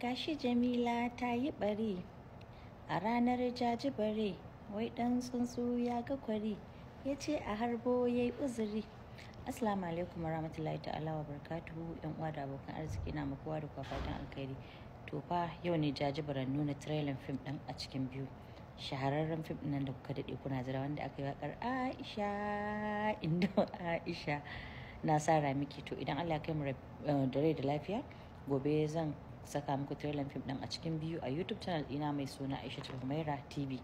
gashi jamila ta yi ɓari a ranar jajibari wai ɗan tsuntsu ya ga kwari ya ce a harbo ya yi uzuri Asalamu alaikum warahmatullahi ta'ala wa barakatuhu yan uwa da abokan arziki na kowa da kwa fatan alkhairi. To fa yau ne jajibaran nuna trailer fim din a cikin biyu. Shahararren fim nan da kuka daɗe kuna jira wanda aka yi wakar Aisha inda Aisha na sa miki to idan Allah ya kai mu eh, da rai da lafiya gobe zan saka muku trailer fim din a cikin biyu a youtube channel ina mai suna aisha tumaira tv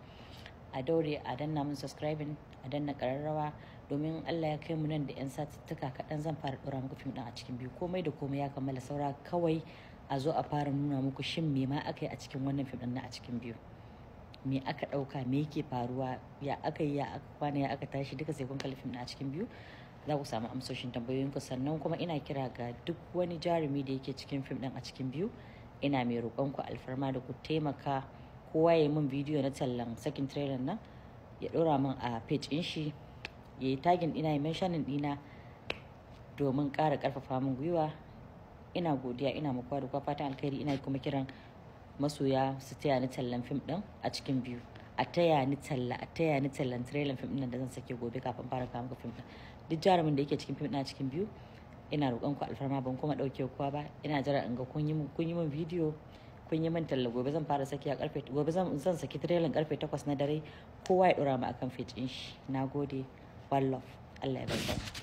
a daure a danna mun subscribing a danna kararrawa domin allah ya kai mu nan da yan satuttuka kaɗan zan fara ɗora muku fim din a cikin biyu komai da komai ya kammala saura kawai a zo a fara nuna muku shin me ma aka yi a cikin wannan fim din na a cikin biyu me aka ɗauka me yake faruwa ya aka yi ya aka kwana ya aka tashi duka sai kun kalli fim a cikin biyu za ku samu amsoshin tambayoyinku sannan kuma ina kira ga duk wani jarumi da yake cikin fim ɗin a cikin biyu ina mai ku alfarma da ku taimaka kowa ya yi min bidiyo na tallan sakin trailer nan ya ɗora min a page in shi ya yi tagin ina ya mentionin dina domin ƙara ƙarfafa min gwiwa ina godiya ina mukuwa da kwa fatan alkhairi ina kuma kiran masoya su taya ni tallan fim din a cikin biyu a taya ni talla a taya ni tallan trailer fim din da zan sake gobe kafin fara kawo muku fim din duk jarumin da yake cikin fim din a cikin biyu ina roƙon ku alfarma ban kuma ɗauke kowa ba ina jira in ga kun yi min bidiyo kun yi min talla gobe zan fara saki a karfe gobe zan saki trailer karfe 8 na dare kowa ya dora mu akan fejin shi nagode one love Allah ya barka